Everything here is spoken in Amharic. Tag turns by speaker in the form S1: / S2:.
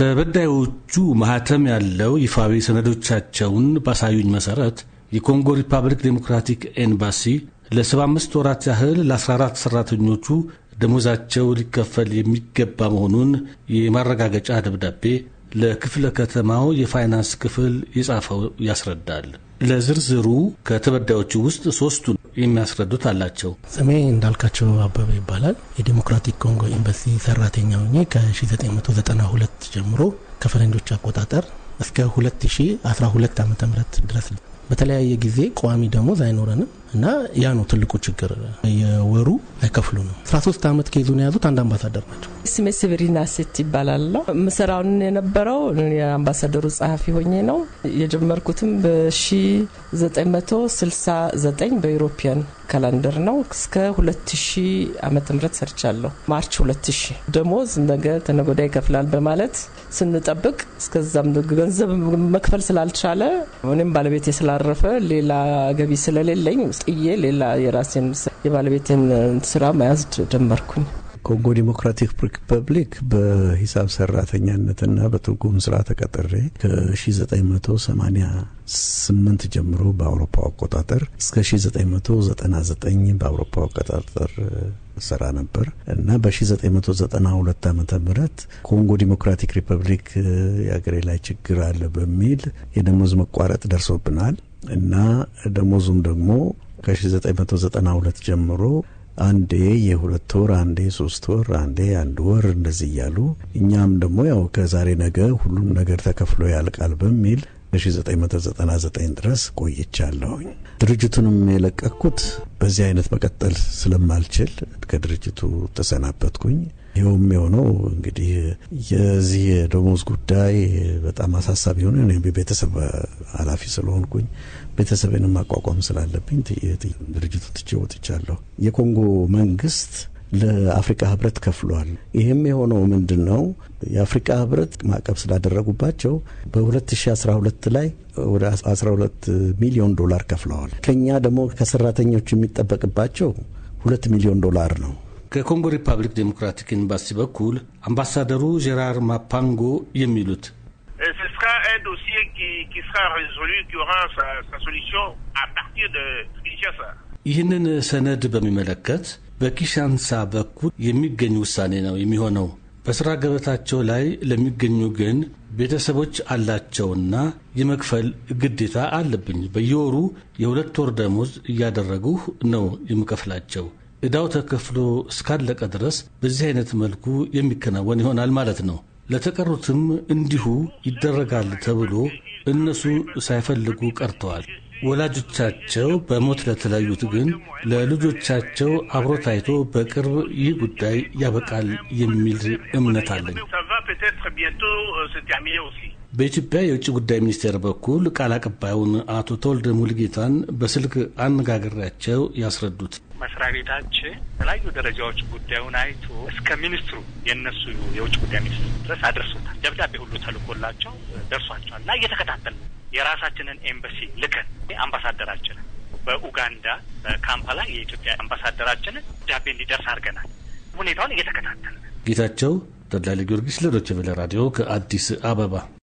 S1: ተበዳዮቹ ማህተም ያለው ይፋዊ ሰነዶቻቸውን ባሳዩኝ መሰረት የኮንጎ ሪፐብሊክ ዴሞክራቲክ ኤምባሲ ለ75 ወራት ያህል ለ14 ሰራተኞቹ ደሞዛቸው ሊከፈል የሚገባ መሆኑን የማረጋገጫ ደብዳቤ ለክፍለ ከተማው የፋይናንስ ክፍል የጻፈው ያስረዳል። ለዝርዝሩ ከተበዳዮቹ ውስጥ ሶስቱን የሚያስረዱት አላቸው።
S2: ስሜ እንዳልካቸው አበበ ይባላል። የዴሞክራቲክ ኮንጎ ኤምባሲ ሰራተኛ ሆኜ ከ1992 ጀምሮ ከፈረንጆች አቆጣጠር እስከ 2012 ዓ ም ድረስ በተለያየ ጊዜ ቋሚ ደሞዝ አይኖረንም እና ያ ነው ትልቁ ችግር። የወሩ አይከፍሉንም። 13 ዓመት ኬዙን የያዙት አንድ አምባሳደር ናቸው።
S3: ስሜ ስብሪና ሴት ይባላለሁ። ምሰራውን የነበረው የአምባሳደሩ ጸሐፊ ሆኜ ነው የጀመርኩትም በ1969 በኢሮፒያን ካላንደር ነው። እስከ 2000 ዓመተ ምህረት ሰርቻለሁ። ማርች 2000 ደሞዝ ነገ ተነጎዳ ይከፍላል በማለት ስንጠብቅ እስከዛም ገንዘብ መክፈል ስላልቻለ እኔም ባለቤቴ ስላ ባረፈ ሌላ ገቢ ስለሌለኝ ጥዬ ሌላ የራሴን የባለቤቴን ስራ መያዝ ጀመርኩኝ።
S4: ኮንጎ ዲሞክራቲክ ሪፐብሊክ በሂሳብ ሰራተኛነትና በትርጉም ስራ ተቀጥሬ ከ1988 ጀምሮ በአውሮፓ አቆጣጠር እስከ 1999 በአውሮፓ አቆጣጠር ሰራ ነበር እና በ1992 ዓ ም ኮንጎ ዲሞክራቲክ ሪፐብሊክ የአገሬ ላይ ችግር አለ በሚል የደሞዝ መቋረጥ ደርሶብናል። እና ደሞዙም ደግሞ ከ1992 ጀምሮ አንዴ የሁለት ወር አንዴ ሶስት ወር አንዴ አንድ ወር እንደዚህ እያሉ እኛም ደግሞ ያው ከዛሬ ነገ ሁሉም ነገር ተከፍሎ ያልቃል በሚል 1999 ድረስ ቆይቻለሁኝ። ድርጅቱንም የለቀቅኩት በዚህ አይነት መቀጠል ስለማልችል ከድርጅቱ ተሰናበትኩኝ። ይኸውም የሆነው እንግዲህ የዚህ የደሞዝ ጉዳይ በጣም አሳሳቢ ሆነ። ቤተሰብ ኃላፊ ስለሆንኩኝ ቤተሰብንም ማቋቋም ስላለብኝ ድርጅቱ ትቼ ወጥቻለሁ። የኮንጎ መንግስት ለአፍሪካ ህብረት ከፍሏል። ይህም የሆነው ምንድን ነው? የአፍሪካ ህብረት ማዕቀብ ስላደረጉባቸው በ2012 ላይ ወደ 12 ሚሊዮን ዶላር ከፍለዋል። ከኛ ደግሞ ከሰራተኞች የሚጠበቅባቸው ሁለት ሚሊዮን ዶላር
S1: ነው። ከኮንጎ ሪፐብሊክ ዴሞክራቲክ ኤምባሲ በኩል አምባሳደሩ ጄራር ማፓንጎ የሚሉት ይህንን ሰነድ በሚመለከት በኪሻንሳ በኩል የሚገኝ ውሳኔ ነው የሚሆነው። በሥራ ገበታቸው ላይ ለሚገኙ ግን ቤተሰቦች አላቸውና የመክፈል ግዴታ አለብኝ። በየወሩ የሁለት ወር ደሞዝ እያደረጉ ነው የምከፍላቸው። ዕዳው ተከፍሎ እስካለቀ ድረስ በዚህ አይነት መልኩ የሚከናወን ይሆናል ማለት ነው። ለተቀሩትም እንዲሁ ይደረጋል ተብሎ እነሱ ሳይፈልጉ ቀርተዋል። ወላጆቻቸው በሞት ለተለዩት ግን ለልጆቻቸው አብሮ ታይቶ በቅርብ ይህ ጉዳይ ያበቃል የሚል እምነት አለኝ። በኢትዮጵያ የውጭ ጉዳይ ሚኒስቴር በኩል ቃል አቀባዩን አቶ ተወልደ ሙልጌታን በስልክ አነጋግሬያቸው ያስረዱት መስሪያ ቤታችን የተለያዩ ደረጃዎች ጉዳዩን አይቶ እስከ ሚኒስትሩ የእነሱ የውጭ ጉዳይ ሚኒስትር ድረስ አድርሶታል። ደብዳቤ ሁሉ ተልኮላቸው ደርሷቸዋል እና እየተከታተል የራሳችንን ኤምባሲ ልከን አምባሳደራችንን በኡጋንዳ በካምፓላ የኢትዮጵያ አምባሳደራችንን ደብዳቤ እንዲደርስ አድርገናል። ሁኔታውን እየተከታተልን ጌታቸው ተድላ ጊዮርጊስ ለዶይቼ ቬለ ራዲዮ ከአዲስ አበባ